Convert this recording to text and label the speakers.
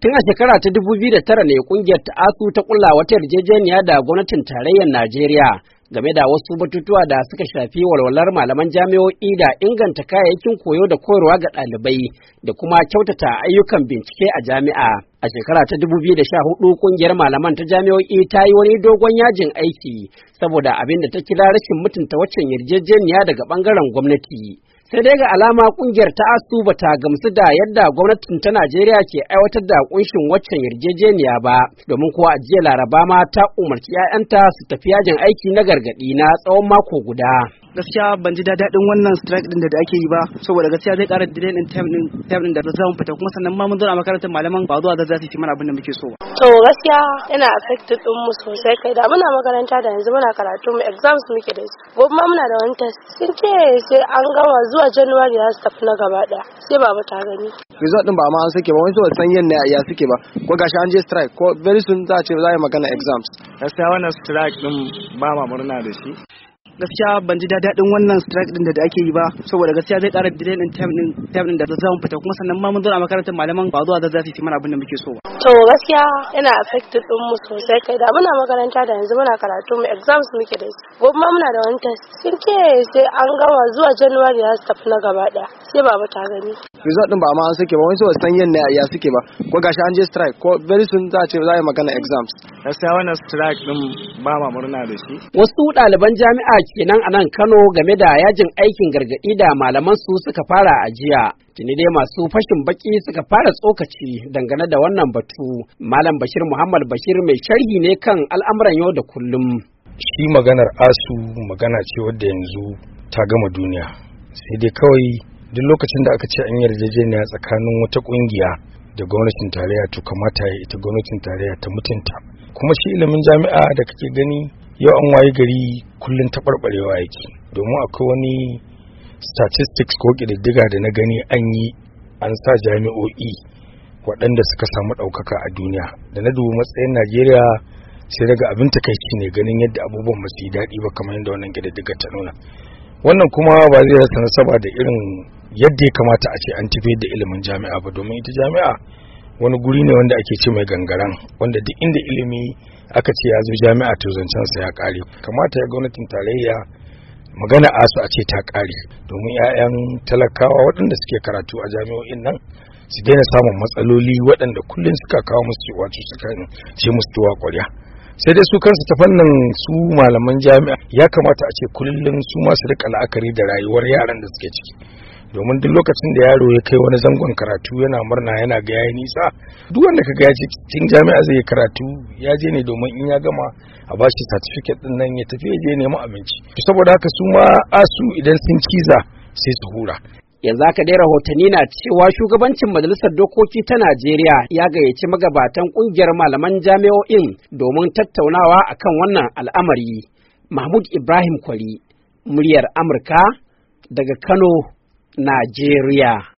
Speaker 1: Tun a shekara ta dubu biyu da tara ne kungiyar ta ASU ta kula wata yarjejeniya da gwamnatin tarayyar Najeriya game da wasu batutuwa da suka shafi walwalar malaman jami'o'i da inganta kayayyakin koyo da koyarwa ga ɗalibai da kuma kyautata ayyukan bincike a jami'a. A shekara ta hudu kungiyar malaman ta jami'o'i ta yi wani dogon yajin aiki saboda abin da ta kira rashin mutunta waccan yarjejeniya daga ɓangaren gwamnati. sai dai ga alama kungiyar ta asu ba ta gamsu da yadda gwamnatin ta najeriya ke aiwatar da kunshin waccan yarjejeniya ba domin kuwa a jiya laraba ma ta umarci 'ya'yanta su tafi yajin aiki na gargadi na tsawon mako guda gaskiya ban ji daɗin wannan strike din da ake yi ba saboda gaskiya zai ƙara delay din time din time din da zan fita kuma sannan ma mun zauna a makarantar malaman ba zuwa za su yi mana abin da muke so ba.
Speaker 2: to gaskiya yana affected din mu sosai kai da muna makaranta da yanzu muna karatu mu exams muke da su gobe ma muna da wani test sun ce sai an gama zuwa January za su tafi na gaba daya sai mu ta gani
Speaker 1: result din ba ma an sake ba wani saboda san yanne ya suke ba ko gashi an je strike ko very soon za a ce za a yi magana exams gaskiya wannan strike din ba ma murna da shi gaskiya ban ji daɗin wannan strike din da ake yi ba saboda gaskiya zai ƙara delay din time din time din da za mu fita kuma sannan ma mun zo a makarantar malaman ba zuwa da mana abin da
Speaker 2: muke so ba to gaskiya yana affected din mu sosai kai da muna makaranta da yanzu muna karatu mu exams muke da su gobe ma muna da wani test sun ke sai an gama zuwa January ya tafi na gaba daya sai baba ta gani
Speaker 1: result din ba ma an sake ba wani san yin ne ya suke ba ko gashi an je strike ko very soon za a ce za a yi magana exams gaskiya wannan strike din ba ma murna da shi wasu ɗaliban jami'a kenan anan Kano game da yajin aikin gargaɗi da malaman su suka fara ajiya jiya tuni dai masu fashin baki suka fara tsokaci dangane da wannan batu malam Bashir Muhammad Bashir mai sharhi ne kan al'amuran yau da kullum
Speaker 3: shi maganar asu magana ce wadda yanzu ta gama duniya sai dai kawai duk lokacin da aka ce an yarjejeniya tsakanin wata kungiya da gwamnatin tarayya to kamata ya ita gwamnatin tarayya ta mutunta kuma shi ilimin jami'a da kake gani yau an wayi gari kullum ta barbarewa yake domin akwai wani statistics ko ƙididdiga da na gani an yi an sa jami'o'i waɗanda suka samu ɗaukaka a duniya da na dubi matsayin najeriya sai daga abin takaici ne ganin yadda abubuwan masu daɗi ba kamar yadda wannan kididdiga ta nuna wannan kuma ba zai rasa nasaba da irin yadda ya kamata a ce an tafi da ilimin jami'a ba domin ita jami'a wani guri ne wanda ake ce mai gangaran wanda duk inda ilimi aka ce ya zo jami'a to sa ya kare kamata ya gwamnatin tarayya magana asu a ce ta kare domin 'ya'yan talakawa waɗanda suke karatu a jami'o'in nan su daina samun matsaloli waɗanda kullum suka kawo musu wato suka ce musu tuwa ƙwarya sai dai su kansu ta fannin su malaman jami'a ya kamata a ce kullum su masu rika la'akari da rayuwar yaran da suke ciki domin duk lokacin da yaro ya kai wani zangon karatu yana murna yana ga yayi nisa duk wanda kaga ya cikin jami'a zai karatu ya je ne domin in ya gama a bashi certificate din nan ya tafi ya je neman abinci saboda haka su ma asu idan sun ciza sai su hura
Speaker 1: yanzu aka dai rahotanni na cewa shugabancin majalisar dokoki ta najeriya ya gayyaci magabatan kungiyar malaman jami'o'in domin tattaunawa akan wannan al'amari mahmud ibrahim kwari muryar amurka daga kano Najeriya